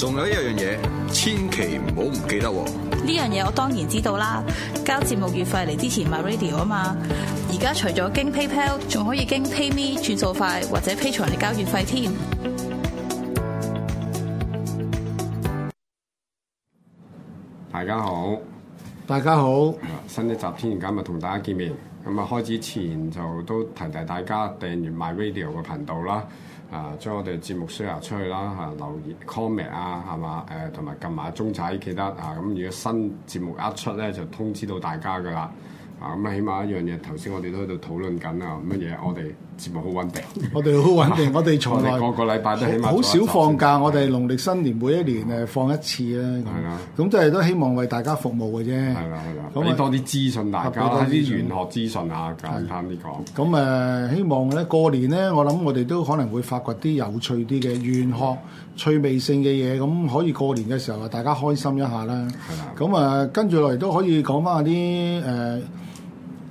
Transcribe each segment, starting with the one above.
仲有一樣嘢，千祈唔好唔記得喎！呢樣嘢我當然知道啦，交節目月費嚟之前 m radio 啊嘛！而家除咗經 PayPal，仲可以經 PayMe 轉數快或者 Pay 財嚟交月費添。大家好，大家好，新一集天然間咪同大家見面。咁啊，開始前就都提提大家訂閱 my radio 嘅頻道啦。啊！將我哋節目 share 出去啦，嚇留言 comment 啊，係嘛？誒同埋撳埋鐘仔記得啊！咁如果新節目一出咧，就通知到大家㗎啦。啊咁啊，起碼一樣嘢，頭先我哋都喺度討論緊啊！乜嘢，我哋節目好穩定。我哋好穩定，我哋從來個個禮拜都起碼好少放假。我哋農曆新年每一年誒放一次啊！係啦，咁即係都希望為大家服務嘅啫。係啦係啦，俾多啲資訊大家，多啲玄學資訊啊，簡單啲講。咁誒，希望咧過年咧，我諗我哋都可能會發掘啲有趣啲嘅玄學趣味性嘅嘢，咁可以過年嘅時候啊，大家開心一下啦。係啦，咁啊跟住落嚟都可以講翻啲誒。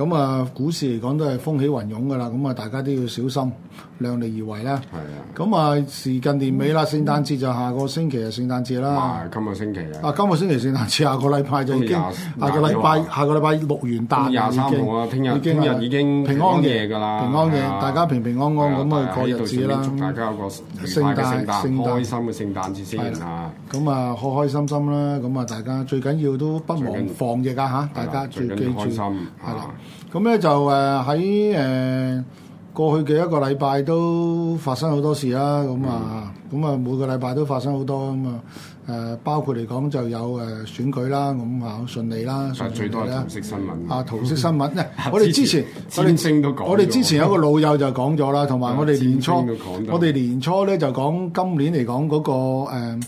咁啊，股市嚟講都係風起雲湧噶啦，咁啊，大家都要小心，量力而為啦。係啊。咁啊，時近年尾啦，聖誕節就下個星期啊，聖誕節啦。今個星期啊。今個星期聖誕節，下個禮拜就已經。下個禮拜，下個禮拜六元旦。廿三號聽日已經平安夜㗎啦。平安夜，大家平平安安咁去過日子啦。大家有個聖誕開心嘅聖誕節先嚇。咁啊，開開心心啦，咁啊，大家最緊要都不忘放嘢㗎嚇，大家最記住係啦。緊要咁咧就誒喺誒過去嘅一個禮拜都發生好多事啦，咁啊，咁啊、嗯、每個禮拜都發生好多咁啊誒，包括嚟講就有誒選舉啦，咁啊好順利啦，順利啦。但係最多係桃色新聞。啊，桃色新聞咧， 我哋之前，之前我哋我哋之前有個老友就講咗啦，同埋 我哋年初 我哋年初咧就講今年嚟講嗰、那個誒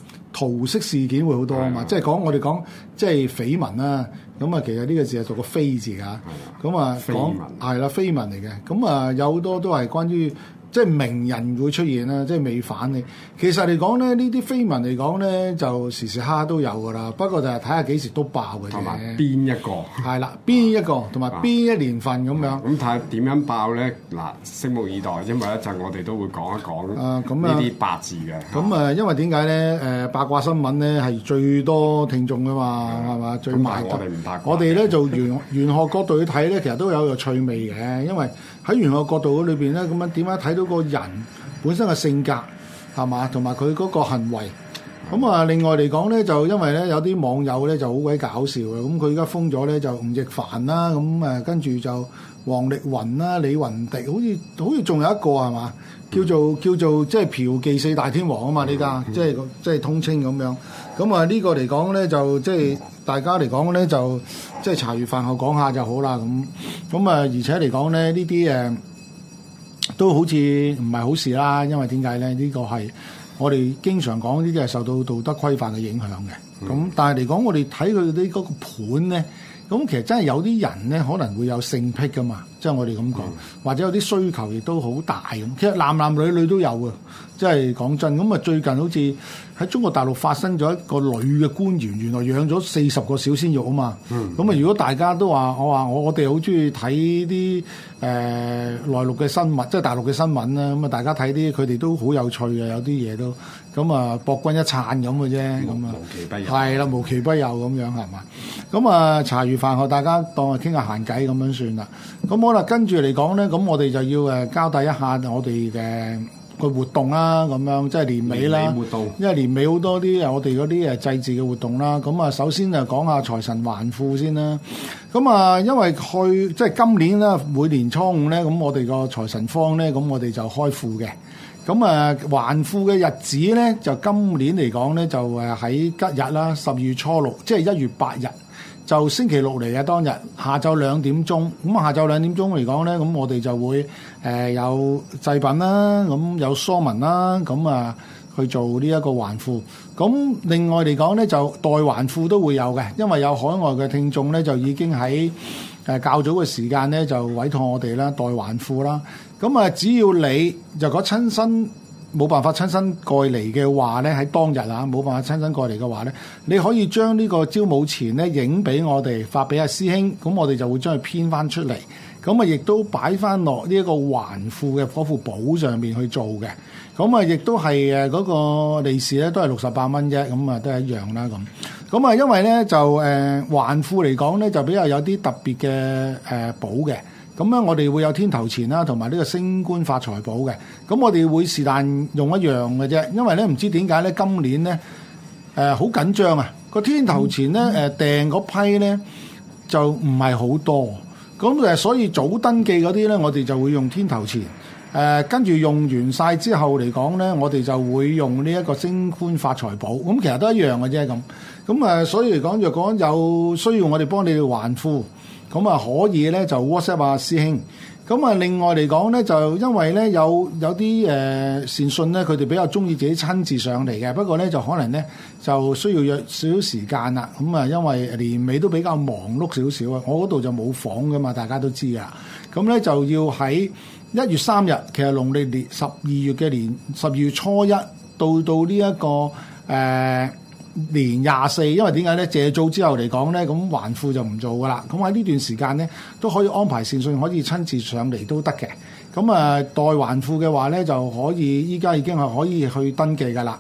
桃色事件會好多啊嘛， 即係講我哋講即係緋聞啦，啊。咁啊，其實呢個字係讀個乩字㗎，咁啊講係啦，乩文嚟嘅，咁啊有好多都係關於。即係名人會出現啦，即係未反嘅。其實嚟講咧，呢啲緋聞嚟講咧，就時時刻刻都有㗎啦。不過就係睇下幾時都爆嘅，同埋邊一個。係啦，邊一個同埋邊一年份咁樣。咁睇下點樣爆咧？嗱、啊，拭目以待，因為一陣我哋都會講一講呢啲八字嘅。咁誒、啊啊啊啊，因為點解咧？誒、呃、八卦新聞咧係最多聽眾㗎嘛，係嘛、啊？最賣。咁我哋唔八卦我呢。我哋咧就玄玄學角度去睇咧，其實都有個趣味嘅，因為。喺娛樂角度嗰裏邊咧，咁樣點樣睇到個人本身嘅性格係嘛，同埋佢嗰個行為。咁啊，另外嚟講咧，就因為咧有啲網友咧就好鬼搞笑嘅，咁佢而家封咗咧就吳亦凡啦，咁、啊、誒跟住就王力宏啦、李雲迪，好似好似仲有一個係嘛？嗯、叫做叫做即係嫖妓四大天王啊嘛！呢家、嗯嗯、即係即係通稱咁樣。咁啊呢個嚟講咧就即係大家嚟講咧就即係茶餘飯後講下就好啦咁。咁啊而且嚟講咧呢啲誒都好似唔係好事啦，因為點解咧？呢、這個係我哋經常講呢啲係受到道德規範嘅影響嘅。咁、嗯、但係嚟講，我哋睇佢啲嗰個盤咧。咁其實真係有啲人咧可能會有性癖㗎嘛，即係我哋咁講，或者有啲需求亦都好大咁。其實男男女女都有啊。即係講真，咁啊最近好似喺中國大陸發生咗一個女嘅官員，原來養咗四十個小鮮肉啊嘛。咁啊、嗯，如果大家都話我話我我哋好中意睇啲誒內陸嘅新聞，即係大陸嘅新聞啦。咁啊，大家睇啲佢哋都好有趣嘅，有啲嘢都咁啊，博、嗯、君一粲咁嘅啫。咁、嗯、啊，無奇不有，係啦，無奇不有咁樣係嘛。咁啊、嗯，茶餘飯後大家當係傾下閒偈咁樣算啦。咁、嗯、好啦，跟住嚟講咧，咁我哋就要誒交代一下我哋嘅。個活動啦，咁樣即係年尾啦，尾因為年尾好多啲誒我哋嗰啲誒祭祀嘅活動啦。咁啊、嗯，首先就講下財神還富庫先啦。咁啊，因為去即係今年啦，每年初五咧，咁我哋個財神方咧，咁我哋就開庫嘅。咁啊，還庫嘅日子咧，就今年嚟講咧，就誒喺吉日啦，十二月初六，即係一月八日。就星期六嚟啊！當日下晝兩點鐘，咁下晝兩點鐘嚟講呢，咁我哋就會誒有祭品啦，咁有疏文啦，咁啊去做呢一個還庫。咁另外嚟講呢，就代還庫都會有嘅，因為有海外嘅聽眾呢，就已經喺誒較早嘅時間呢，就委託我哋啦，代還庫啦。咁啊，只要你就果親身。冇辦法親身過嚟嘅話咧，喺當日啊，冇辦法親身過嚟嘅話咧，你可以將呢個招募錢咧影俾我哋，發俾阿師兄，咁我哋就會將佢編翻出嚟，咁啊亦都擺翻落呢一個還庫嘅火庫簿上面去做嘅，咁啊亦都係誒嗰個利是咧都係六十八蚊啫，咁啊都係一樣啦咁，咁啊因為咧就誒還庫嚟講咧就比較有啲特別嘅誒簿嘅。呃咁咧，樣我哋會有天頭錢啦，同埋呢個升官發財寶嘅。咁我哋會是但用一樣嘅啫，因為咧唔知點解咧，今年咧誒好緊張啊！個天頭錢咧誒訂嗰批咧就唔係好多，咁誒所以早登記嗰啲咧，我哋就會用天頭錢。誒跟住用完晒之後嚟講咧，我哋就會用呢一個升官發財寶，咁、嗯、其實都一樣嘅啫咁。咁、嗯、誒、呃，所以嚟講，若果有需要我哋幫你還庫，咁、嗯、啊、嗯、可以咧就 WhatsApp 啊師兄。咁、嗯、啊另外嚟講咧，就因為咧有有啲誒、呃、善信咧，佢哋比較中意自己親自上嚟嘅，不過咧就可能咧就需要約少少時間啦。咁、嗯、啊，因為年尾都比較忙碌少少啊，我嗰度就冇房噶嘛，大家都知㗎。咁、嗯、咧、嗯、就要喺一月三日，其實農曆年十二月嘅年十二月初一到到呢、這、一個誒、呃、年廿四，因為點解咧？謝灶之後嚟講咧，咁還庫就唔做㗎喇。咁喺呢段時間咧，都可以安排善信，可以親自上嚟都得嘅。咁啊、呃，代還庫嘅話咧，就可以依家已經係可以去登記㗎喇。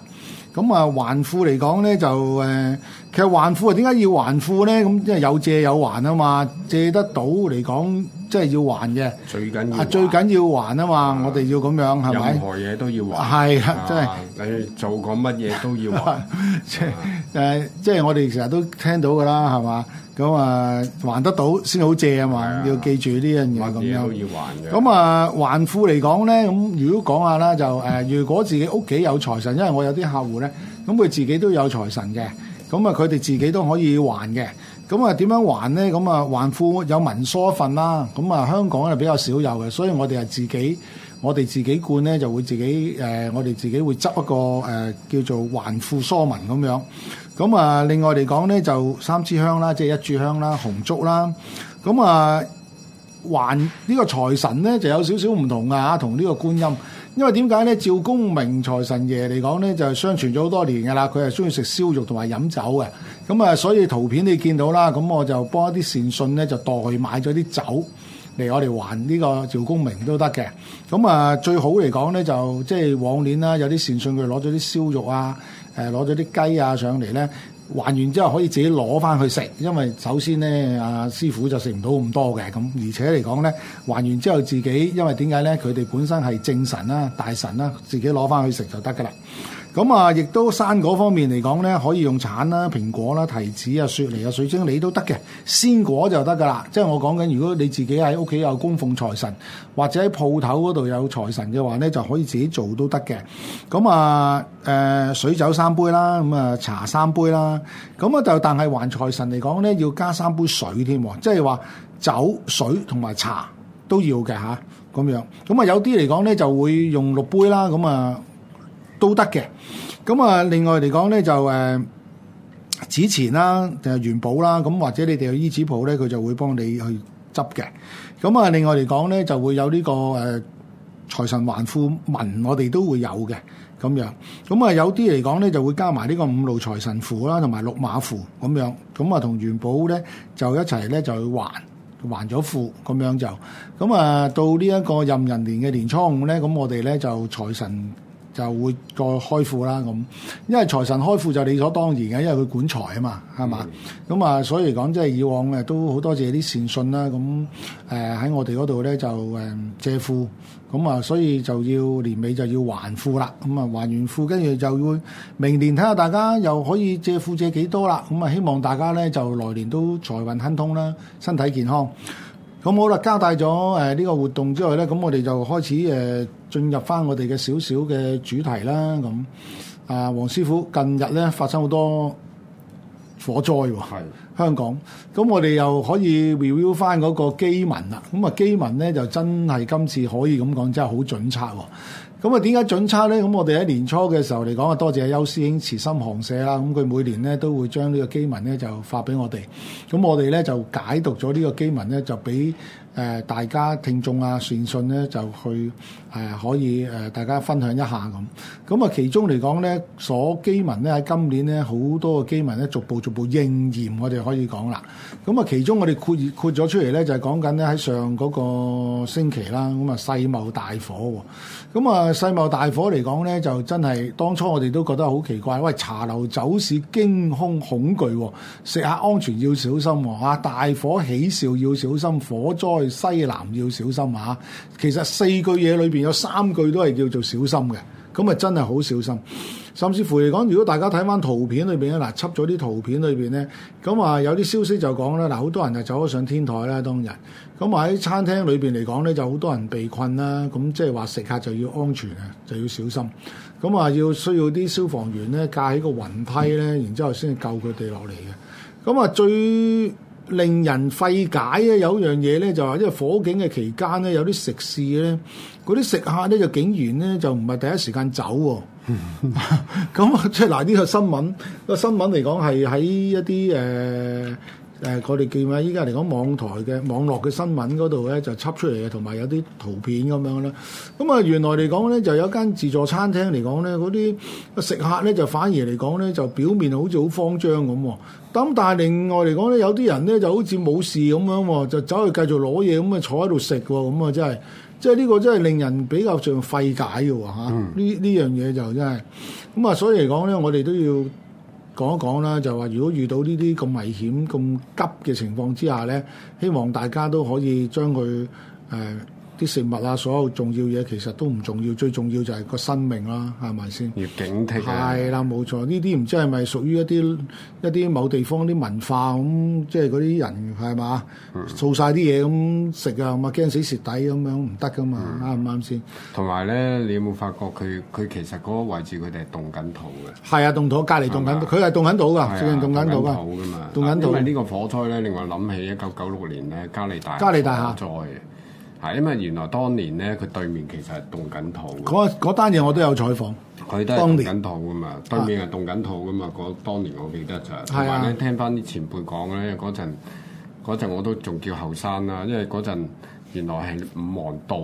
咁啊還庫嚟講咧就誒、是，其實還庫啊點解要還庫咧？咁即係有借有還啊嘛，借得到嚟講即係要還嘅，最緊要最緊要還啊嘛！我哋要咁樣係咪？Uh, 任何嘢都要還，係啊，真係你做過乜嘢都要還，即係誒，即係我哋成日都聽到噶啦，係嘛、uh,？咁啊，還得到先好借啊嘛，要記住呢樣嘢咁樣。要還嘅。咁啊，還富嚟講咧，咁如果講下啦，就誒、呃，如果自己屋企有財神，因為我有啲客戶咧，咁佢自己都有財神嘅，咁啊，佢哋自己都可以還嘅。咁啊，點樣還咧？咁啊，還庫有文疏份啦。咁啊，香港又比較少有嘅，所以我哋係自己，我哋自己灌咧就會自己誒、呃，我哋自己會執一個誒、呃、叫做還庫疏文咁樣。咁啊，另外嚟講咧，就三支香啦，即係一炷香啦，紅燭啦。咁啊，還呢個財神咧，就有少少唔同啊。同呢個觀音。因為點解咧？趙公明財神爺嚟講咧，就相傳咗好多年噶啦，佢係中意食燒肉同埋飲酒嘅。咁啊，所以圖片你見到啦，咁我就幫一啲善信咧，就代買咗啲酒嚟我哋還呢個趙公明都得嘅。咁啊，最好嚟講咧，就即係往年啦，有啲善信佢攞咗啲燒肉啊。誒攞咗啲雞啊上嚟咧，還完之後可以自己攞翻去食，因為首先咧阿、啊、師傅就食唔到咁多嘅。咁，而且嚟講咧還完之後自己，因為點解咧？佢哋本身係正神啦、啊、大神啦、啊，自己攞翻去食就得噶啦。咁啊，亦都生果方面嚟講咧，可以用橙啦、蘋果啦、提子啊、雪梨啊、水晶梨都得嘅，鮮果就得噶啦。即係我講緊，如果你自己喺屋企有供奉財神，或者喺鋪頭嗰度有財神嘅話咧，就可以自己做都得嘅。咁啊，誒、呃，水酒三杯啦，咁啊，茶三杯啦。咁啊，就但係還財神嚟講咧，要加三杯水添，即係話酒、水同埋茶都要嘅嚇。咁樣，咁啊，有啲嚟講咧就會用六杯啦，咁啊。都得嘅，咁啊，另外嚟講咧就誒紙錢啦，就係、呃啊、元寶啦，咁、啊、或者你哋去衣紙舖咧，佢就會幫你去執嘅。咁啊，另外嚟講咧就會有呢、這個誒財、啊、神還庫文，我哋都會有嘅咁樣。咁啊，有啲嚟講咧就會加埋呢個五路財神符啦，同、啊、埋六馬符咁樣。咁啊，同元寶咧就一齊咧就去還還咗庫咁樣就。咁啊，到呢一個壬寅年嘅年初五咧，咁、啊、我哋咧就財神。就會再開庫啦，咁，因為財神開庫就理所當然嘅，因為佢管財啊嘛，係嘛？咁啊、嗯嗯，所以嚟講，即係以往誒都好多謝啲善信啦。咁誒喺我哋嗰度咧就誒、嗯、借庫，咁、嗯、啊，所以就要年尾就要還庫啦。咁、嗯、啊還完庫，跟住就要明年睇下大家又可以借庫借幾多啦。咁、嗯、啊，希望大家咧就來年都財運亨通啦，身體健康。咁好啦，交代咗誒呢個活動之外咧，咁我哋就開始誒進、呃、入翻我哋嘅少少嘅主題啦。咁啊，黃、呃、師傅近日咧發生好多火災喎、啊，是的 香港。咁我哋又可以 review 翻嗰個乩文啦。咁啊，乩文咧就真係今次可以咁講，真係好準測喎、啊。咁啊，點解準測咧？咁我哋喺年初嘅時候嚟講啊，多謝邱師兄慈心行社啦。咁佢每年咧都會將呢個乩文咧就發俾我哋。咁我哋咧就解讀咗呢個乩文咧，就俾。誒、呃、大家聽眾啊，善信咧就去誒、呃、可以誒、呃、大家分享一下咁。咁啊，其中嚟講咧，所乩文咧喺今年咧好多嘅乩文咧逐步逐步應驗。我哋可以講啦。咁啊，其中我哋括括咗出嚟咧，就係講緊咧喺上個星期啦。咁啊、喔，世貿大火喎。咁啊，世貿大火嚟講咧，就真係當初我哋都覺得好奇怪，喂茶樓走市驚恐恐懼，喔，食客安全要小心吓，喔，大火起兆要小心火災。西南要小心啊！其實四句嘢裏邊有三句都係叫做小心嘅，咁啊真係好小心。甚至乎嚟講，如果大家睇翻圖片裏邊咧，嗱、啊，輯咗啲圖片裏邊咧，咁啊有啲消息就講啦，嗱、啊，好多人啊走咗上天台啦，當日。咁啊喺餐廳裏邊嚟講咧，就好多人被困啦。咁即係話食客就要安全啊，就要小心。咁啊要需要啲消防員咧架起個雲梯咧，然之後先救佢哋落嚟嘅。咁啊最令人費解嘅有一樣嘢咧，就係因為火警嘅期間咧，有啲食肆咧，嗰啲食客咧就竟然咧就唔係第一時間走喎。咁即係嗱呢個新聞，呢個新聞嚟講係喺一啲誒。呃誒，我哋叫咩？依家嚟講網台嘅網絡嘅新聞嗰度咧，就輯出嚟嘅，同埋有啲圖片咁樣啦。咁啊，原來嚟講咧，就有一間自助餐廳嚟講咧，嗰啲食客咧就反而嚟講咧，就表面好似好慌張咁。咁但係另外嚟講咧，有啲人咧就好似冇事咁樣，就走去繼續攞嘢咁啊，坐喺度食喎，咁啊真係，即係呢個真係令人比較像費解嘅嚇。呢呢、嗯啊、樣嘢就真係。咁啊，所以嚟講咧，我哋都要。講一講啦，就話如果遇到呢啲咁危險、咁急嘅情況之下咧，希望大家都可以將佢誒。呃啲食物啊，所有重要嘢其實都唔重要，最重要就係個生命啦、啊，係咪先？要警惕係、啊、啦，冇錯。呢啲唔知係咪屬於一啲一啲某地方啲文化咁，即係嗰啲人係、嗯、嘛？做晒啲嘢咁食啊，咪驚死蝕底咁樣唔得噶嘛？啱唔啱先？同埋咧，你有冇發覺佢佢其實嗰個位置佢哋係動緊土嘅？係啊，動土隔離動緊，佢係動緊土㗎，最近動緊土㗎。動緊土㗎嘛？因為呢個火災咧，令我諗起一九九六年咧，加利大加利大廈。係，因為原來當年咧，佢對面其實係動緊土嘅。嗰單嘢我都有採訪，佢年都係動緊土㗎嘛，對面係動緊土㗎嘛。嗰、啊、當年我記得就係、是，同埋咧聽翻啲前輩講咧的，因為嗰陣我都仲叫後生啦，因為嗰陣原來係五黃道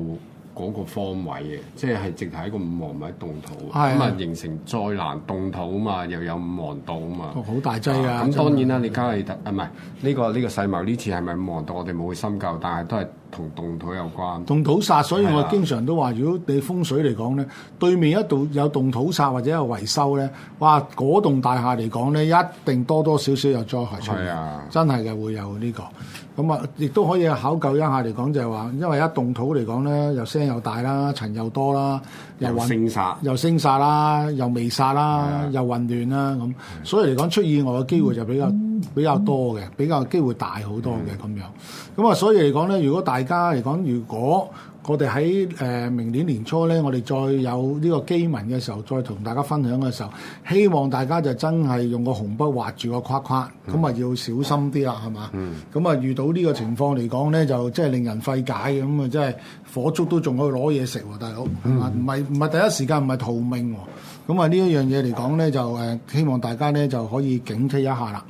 嗰個方位嘅，即係係直係一個五黃位動土，咁啊的形成災難動土啊嘛，又有五黃道啊嘛，好大劑啊！咁、啊、當然啦，你而家你啊唔係呢個呢、這個世貿呢次係咪五黃道？我哋冇去深究，但係都係。同動土有關，動土煞，所以我經常都話，如果你風水嚟講呢，對面一度有動土煞或者有維修呢哇，嗰棟大廈嚟講呢，一定多多少少有災害出是、啊、真係嘅會有呢、呢個。咁啊，亦都可以考究一下嚟講，就係話，因為一動土嚟講呢，又聲又大啦，塵又多啦，又混，又升煞啦，又未煞啦，是啊、又混亂啦，咁，所以嚟講出意外嘅機會就比較。比較多嘅，比較機會大好多嘅咁、mm hmm. 樣，咁啊，所以嚟講咧，如果大家嚟講，如果我哋喺誒明年年初咧，我哋再有呢個乩文嘅時候，再同大家分享嘅時候，希望大家就真係用個紅筆畫住個框框，咁啊、mm hmm. 要小心啲啊，係嘛？咁啊、mm hmm. 遇到呢個情況嚟講咧，就真係令人費解嘅，咁啊真係火燭都仲可以攞嘢食喎，大佬，係嘛？唔係唔係第一時間唔係逃命喎、啊。咁啊、嗯、呢一樣嘢嚟講咧，就誒、呃、希望大家咧就可以警惕一下啦。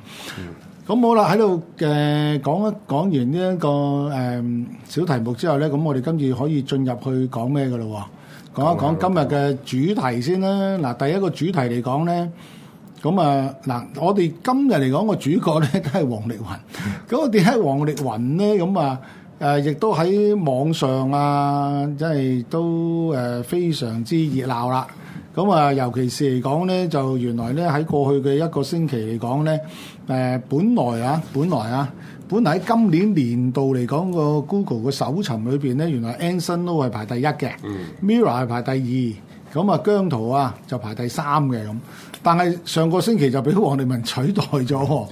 咁、嗯、好啦，喺度誒講一講完呢、這、一個誒、呃、小題目之後咧，咁我哋今次可以進入去講咩嘅咯？講一講今日嘅主題先啦。嗱、呃，第一個主題嚟講咧，咁啊嗱，我哋今日嚟講個主角咧都係王力宏。咁、嗯、我哋解王力宏咧咁啊？誒、嗯呃，亦都喺網上啊，真係都誒、呃、非常之熱鬧啦。咁啊，尤其是嚟講咧，就原來咧喺過去嘅一個星期嚟講咧，誒、呃，本來啊，本來啊，本來喺今年年度嚟講個 Google 嘅搜尋裏邊咧，原來 Anson 都係排第一嘅，Mirror 係排第二，咁啊，姜濤啊就排第三嘅咁，但係上個星期就俾黃利文取代咗。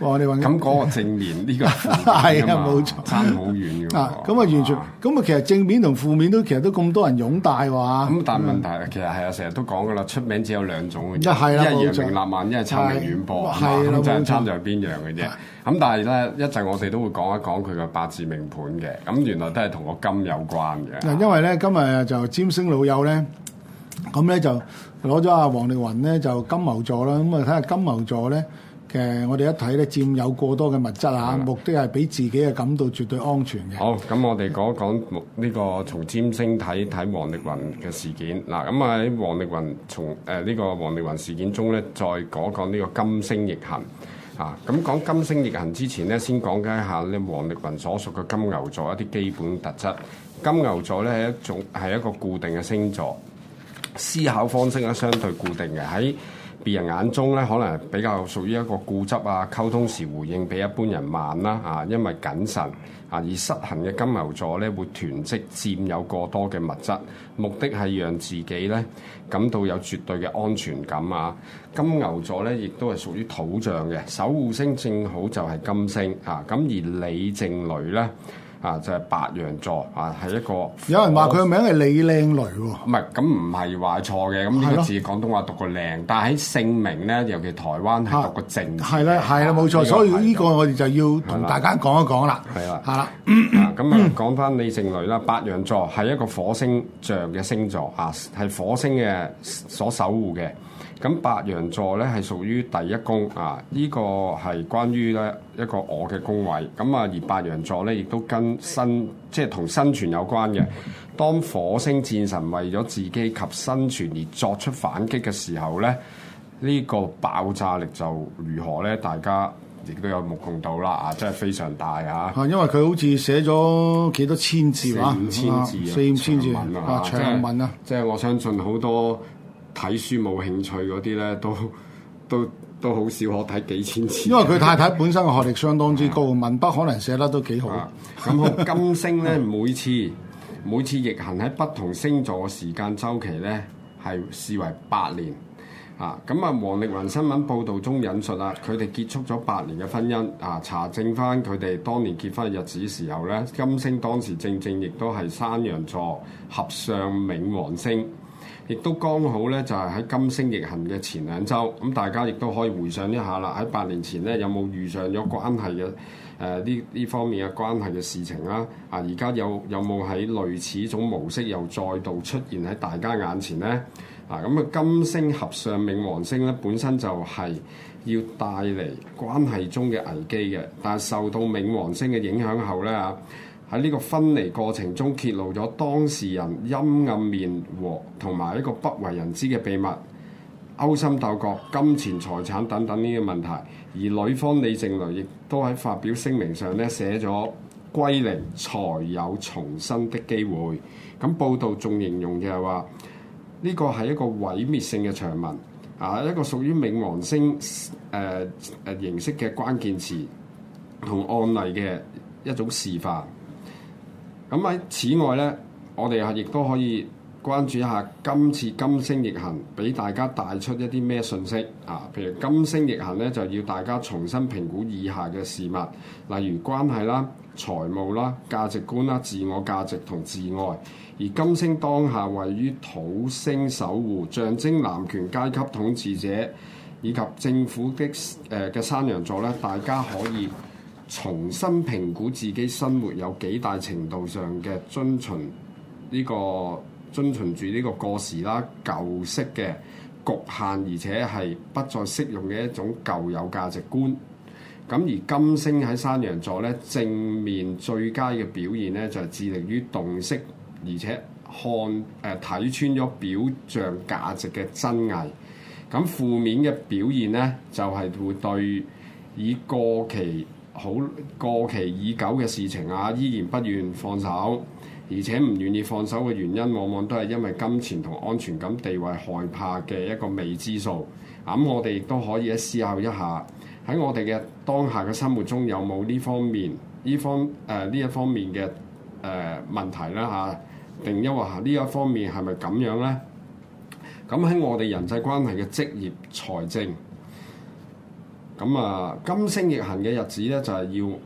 王力咁講個正面呢、呢個係負面㗎、 啊、差好遠嘅。咁啊完全咁啊，其實正面同負面都其實都咁多人擁戴喎、啊。咁但係問題其實係啊，成日、嗯、都講㗎啦，出名只有兩種嘅，啊啊、一係揚名立萬，一係臭名遠播，咁就係參在邊樣嘅啫。咁但係咧一陣我哋都會講一講佢嘅八字命盤嘅。咁原來都係同個金有關嘅。嗱、嗯，因為咧今日就占星老友咧，咁、嗯、咧就攞咗阿王力宏咧就金牛座啦。咁啊睇下金牛座咧。嘅，我哋一睇咧，佔有過多嘅物質嚇，的目的係俾自己嘅感到絕對安全嘅。好，咁我哋講一講呢個從占星睇睇王力宏嘅事件。嗱，咁啊喺王力宏從誒、呢、呃、呢個王力宏事件中咧，再講一講呢個金星逆行。啊，咁講金星逆行之前咧，先講解一下咧王力宏所屬嘅金牛座一啲基本特質。金牛座咧係一種係一個固定嘅星座，思考方式咧相對固定嘅喺。別人眼中咧，可能係比較屬於一個固執啊，溝通時回應比一般人慢啦，啊，因為謹慎啊，而失衡嘅金牛座咧，會囤積佔有過多嘅物質，目的係讓自己咧感到有絕對嘅安全感啊。金牛座咧，亦都係屬於土象嘅，守護星正好就係金星啊。咁而李靜蕾咧。啊，就係、是、白羊座啊，係一個。有人話佢嘅名係李靚蕾喎、哦。唔係、啊，咁唔係話錯嘅。咁呢個字廣東話讀個靚，但係喺姓名咧，尤其台灣係、啊、讀個正。係啦、啊，係啦，冇錯。所以呢個我哋就要同大家講一講啦。係啦。係啦。咁啊，啊講翻李靖蕾啦，白羊座係一個火星象嘅星座啊，係火星嘅所守護嘅。咁白羊座咧係屬於第一宮啊！呢個係關於咧一個我嘅宮位。咁啊，而白羊座咧亦都跟生即係同生存有關嘅。當火星戰神為咗自己及生存而作出反擊嘅時候咧，呢個爆炸力就如何咧？大家亦都有目共睹啦！啊，真係非常大啊！因為佢好似寫咗幾多千字啊？五千字啊？四五千字啊？長文啊！即係我相信好多。睇書冇興趣嗰啲咧，都都都好少可睇幾千次，因為佢太太本身嘅學歷相當之高， 文筆可能寫得都幾好。咁、 啊、金星咧，每次 每次逆行喺不同星座嘅時間週期咧，係視為八年啊。咁啊，王力宏新聞報導中引述啊，佢哋結束咗八年嘅婚姻啊，查證翻佢哋當年結婚嘅日子時候咧，金星當時正正亦都係山羊座合上冥王星。亦都剛好咧，就係喺金星逆行嘅前兩週，咁大家亦都可以回想一下啦。喺八年前咧，有冇遇上咗關係嘅誒呢呢方面嘅關係嘅事情啦？啊，而家有有冇喺類似一種模式又再度出現喺大家眼前呢？啊，咁啊金星合上冥王星咧，本身就係要帶嚟關係中嘅危機嘅，但係受到冥王星嘅影響後咧啊。喺呢個分離過程中，揭露咗當事人陰暗面和同埋一個不為人知嘅秘密，勾心鬥角、金錢財產等等呢個問題。而女方李靜蕾亦都喺發表聲明上咧寫咗歸零、才有重生的機會。咁報道仲形容就係話，呢個係一個毀滅性嘅長文，啊一個屬於冥王星誒誒、呃、形式嘅關鍵詞同案例嘅一種示範。咁喺此外咧，我哋係亦都可以關注一下今次金星逆行俾大家帶出一啲咩信息啊？譬如金星逆行咧，就要大家重新評估以下嘅事物，例如關係啦、財務啦、價值觀啦、自我價值同自愛。而金星當下位於土星守護，象徵男權階級統治者以及政府的誒嘅、呃、山羊座咧，大家可以，重新評估自己生活有幾大程度上嘅遵循呢個遵循住呢個過時啦、舊式嘅局限，而且係不再適用嘅一種舊有價值觀。咁而金星喺山羊座咧，正面最佳嘅表現咧就係致力於洞悉，而且看誒睇、呃、穿咗表象價值嘅真偽。咁負面嘅表現咧就係會對以過期。好過期已久嘅事情啊，依然不願放手，而且唔願意放手嘅原因，往往都係因為金錢同安全感、地位害怕嘅一個未知數。咁、嗯、我哋亦都可以喺思考一下，喺我哋嘅當下嘅生活中，有冇呢方面呢方誒呢、呃、一方面嘅誒、呃、問題啦嚇？定抑或呢一方面係咪咁樣咧？咁喺我哋人際關係嘅職業財政。咁啊，金星逆行嘅日子咧，就係要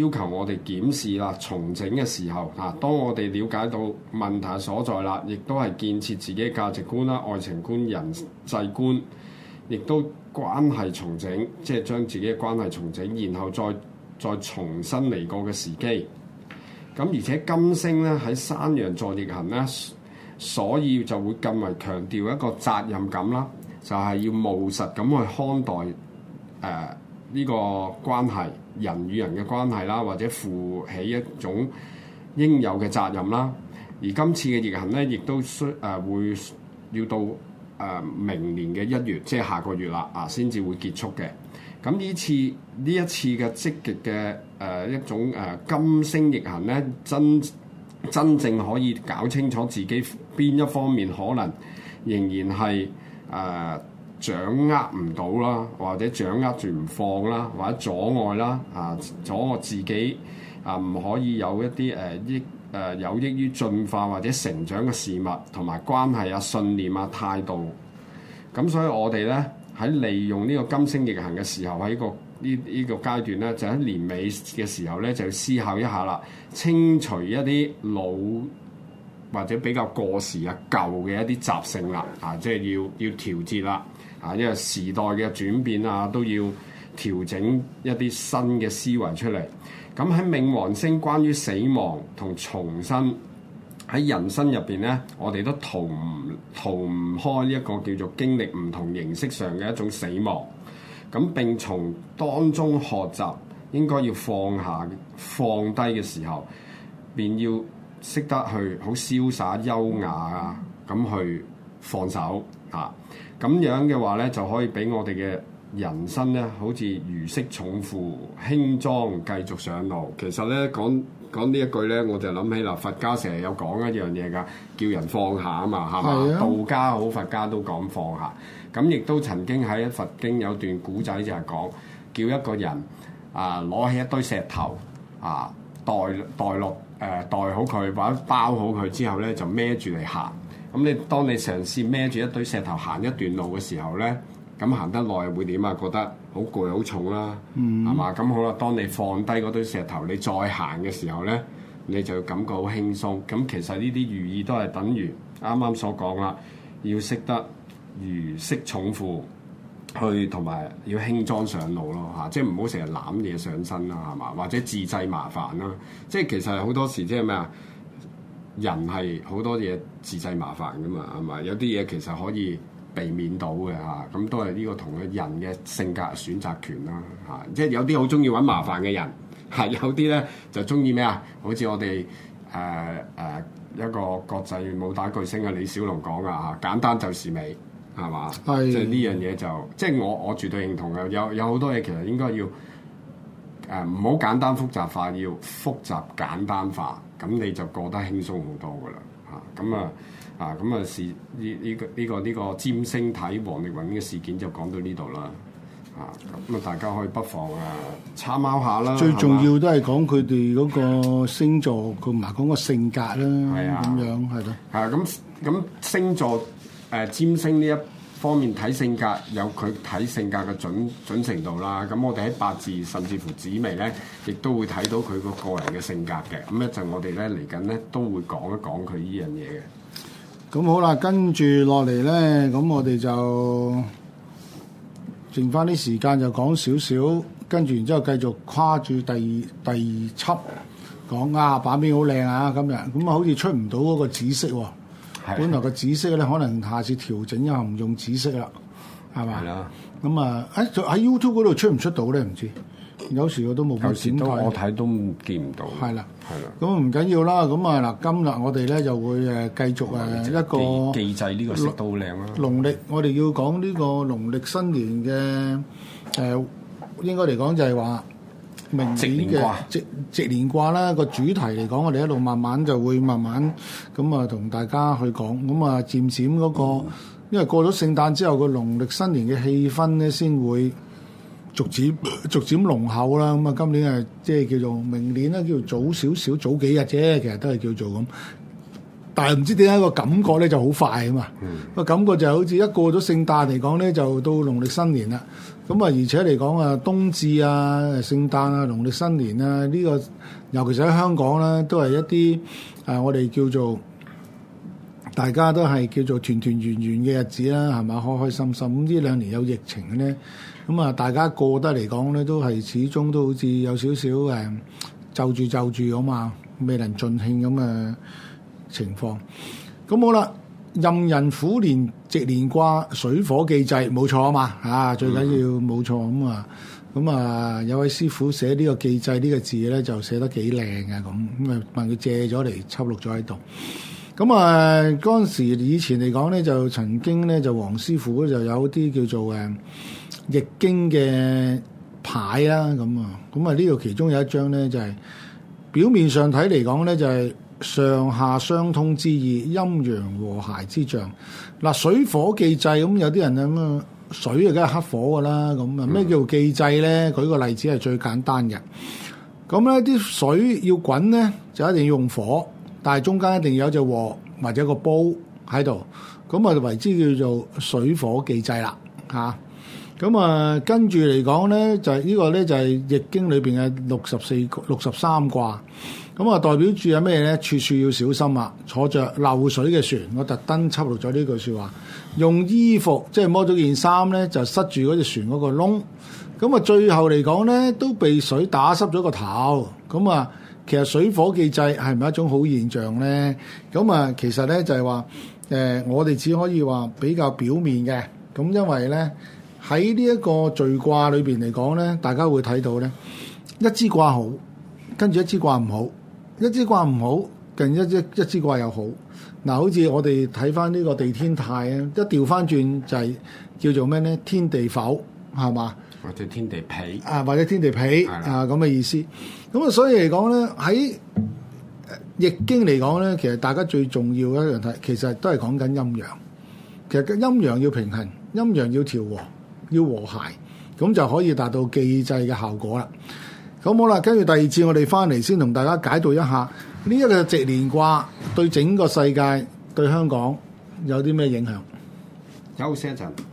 要求我哋檢視啦、重整嘅時候啊。當我哋了解到問題所在啦，亦都係建設自己嘅價值觀啦、愛情觀、人際觀，亦都關係重整，即係將自己嘅關係重整，然後再再重新嚟過嘅時機。咁而且金星咧喺山羊座逆行咧，所以就會更為強調一個責任感啦，就係要務實咁去看待。誒呢、呃呢個關係，人與人嘅關係啦，或者負起一種應有嘅責任啦。而今次嘅逆行咧，亦都需誒、呃、會要到誒、呃、明年嘅一月，即係下個月啦，啊、呃，先至會結束嘅。咁呢次呢一次嘅積極嘅誒一種誒、呃、金星逆行咧，真真正可以搞清楚自己邊一方面可能仍然係誒。呃掌握唔到啦，或者掌握住唔放啦，或者阻礙啦，啊，阻礙自己啊，唔可以有一啲誒益誒有益於進化或者成長嘅事物同埋關係啊、信念啊、態度。咁所以我哋咧喺利用呢個金星逆行嘅時候喺個呢呢個階段咧，就喺年尾嘅時候咧，就要思考一下啦，清除一啲老。或者比較過時啊，舊嘅一啲習性啦，啊，即係要要調節啦，啊，因為時代嘅轉變啊，都要調整一啲新嘅思維出嚟。咁喺冥王星關於死亡同重生喺人生入邊咧，我哋都逃唔逃唔開呢一個叫做經歷唔同形式上嘅一種死亡。咁、啊、並從當中學習，應該要放下放低嘅時候，便要。識得去好瀟灑優雅啊，咁去放手嚇，咁、啊、樣嘅話咧，就可以俾我哋嘅人生咧，好似如釋重負，輕裝繼續上路。其實咧講講呢一句咧，我就諗起啦，佛家成日有講一樣嘢噶，叫人放下啊嘛，係嘛、啊？道家好，佛家都講放下。咁亦都曾經喺佛經有段古仔就係講，叫一個人啊攞起一堆石頭啊。袋袋落誒，袋、呃、好佢或者包好佢之後咧，就孭住嚟行。咁你當你嘗試孭住一堆石頭行一段路嘅時候咧，咁行得耐會點啊？覺得好攰好重啦，係嘛、嗯？咁好啦，當你放低嗰堆石頭，你再行嘅時候咧，你就感覺好輕鬆。咁其實呢啲寓意都係等於啱啱所講啦，要識得如釋重負。去同埋要輕裝上路咯、嚇、啊，即係唔好成日攬嘢上身啦，係嘛？或者自製麻煩啦、啊，即係其實好多時即係咩啊？人係好多嘢自製麻煩噶嘛，係嘛？有啲嘢其實可以避免到嘅，嚇，咁、啊、都係呢個同佢人嘅性格選擇權啦嚇、啊。即係有啲好中意搵麻煩嘅人，係有啲咧就中意咩啊？好似我哋誒誒一個國際武打巨星嘅李小龍講啊嚇，簡單就是美。係嘛？即係呢樣嘢就即係、就是、我我絕對認同嘅。有有好多嘢其實應該要誒唔好簡單複雜化，要複雜簡單化，咁你就過得輕鬆好多噶啦吓。咁啊啊咁啊是呢呢個呢、這個呢、這個占星睇王力宏嘅事件就講到呢度啦。啊咁啊，大家可以不妨啊參、uh, 考下啦。最重要都係講佢哋嗰個星座佢唔係講嗰個性格啦，咁樣係咯。啊咁咁星座。誒占星呢一方面睇性格，有佢睇性格嘅準準程度啦。咁我哋喺八字甚至乎紫微呢，亦都會睇到佢個個人嘅性格嘅。咁一陣我哋呢嚟緊呢，都會講一講佢呢樣嘢嘅。咁、嗯、好啦，跟住落嚟呢，咁我哋就剩翻啲時間就講少少，跟住然之後繼續跨住第二第二輯講啊。版面好靚啊，今日咁啊，好似出唔到嗰個紫色喎、哦。本來個紫色咧，可能下次調整一下，唔用紫色啦，係嘛？咁啊係啦。喺、欸、喺 YouTube 嗰度出唔出到咧？唔知有時我都冇冇剪。有時都我睇都見唔到。係啦，係啦。咁唔緊要啦。咁啊嗱，今日我哋咧就會誒繼續誒的一個祭祭祭呢個色都靚啦、啊。農曆我哋要講呢個農曆新年嘅誒、呃，應該嚟講就係話。明年嘅即直，直，直，值年卦啦，個主題嚟講，我哋一路慢慢就會慢慢咁啊，同大家去講，咁啊漸漸嗰、那個，因為過咗聖誕之後，個農曆新年嘅氣氛咧，先會逐漸逐漸濃厚啦。咁啊，今年係、就是、即係叫做明年咧，叫做早少少，早幾日啫，其實都係叫做咁。但係唔知點解個感覺咧就好快啊嘛，個感覺就好似一過咗聖誕嚟講咧，就到農曆新年啦。咁啊，而且嚟講啊，冬至啊、聖誕啊、農曆新年啊，呢個尤其是喺香港咧，都係一啲誒我哋叫做大家都係叫做團團圓圓嘅日子啦，係咪？開開心心咁。呢兩年有疫情咧，咁啊，大家過得嚟講咧，都係始終都好似有少少誒，就住就住啊嘛，未能盡興咁誒。情況咁好啦，任人苦練，直練卦水火既濟，冇錯啊嘛！啊，最緊要冇、嗯、錯咁啊，咁啊有位師傅寫呢個既濟呢、呢個字咧，就寫得幾靚啊。咁，咁啊問佢借咗嚟輯錄咗喺度。咁啊嗰陣時以前嚟講咧，就曾經咧就黃師傅就有啲叫做誒易經嘅牌啦，咁啊，咁啊呢度其中有一張咧就係、是、表面上睇嚟講咧就係、是。上下相通之意，陰陽和諧之象。嗱，水火既濟咁，有啲人咁啊，水啊梗係克火噶啦。咁啊，咩叫做既濟咧？舉個例子係最簡單嘅。咁咧，啲水要滾咧，就一定要用火，但係中間一定要有隻鑊或者個煲喺度。咁啊，為之叫做水火既濟啦。吓、啊，咁啊，跟住嚟講咧，就係、這個、呢個咧就係、是、易經裏邊嘅六十四六十三卦。咁啊、嗯，代表住有咩咧？處處要小心啊！坐着漏水嘅船，我特登抄錄咗呢句說話。用衣服即係摸咗件衫咧，就塞住嗰隻船嗰個窿。咁、嗯、啊，最後嚟講咧，都被水打濕咗個頭。咁、嗯、啊，其實水火既濟係唔係一種好現象咧？咁、嗯、啊，其實咧就係、是、話，誒、呃，我哋只可以話比較表面嘅。咁、嗯、因為咧，喺呢一個序卦裏邊嚟講咧，大家會睇到咧，一支卦好，跟住一支卦唔好。一支卦唔好，近一一一支卦又好。嗱，好似我哋睇翻呢個地天泰，啊，一調翻轉就係叫做咩咧？天地否係嘛？或者天地否啊？或者天地否的啊？咁嘅意思。咁啊，所以嚟講咧，喺易經嚟講咧，其實大家最重要嘅一樣係，其實都係講緊陰陽。其實陰陽要平衡，陰陽要調和，要和諧，咁就可以達到既濟嘅效果啦。咁好啦，跟住第二次我哋翻嚟先同大家解讀一下呢一個直連卦對整個世界、對香港有啲咩影響？休息一陣。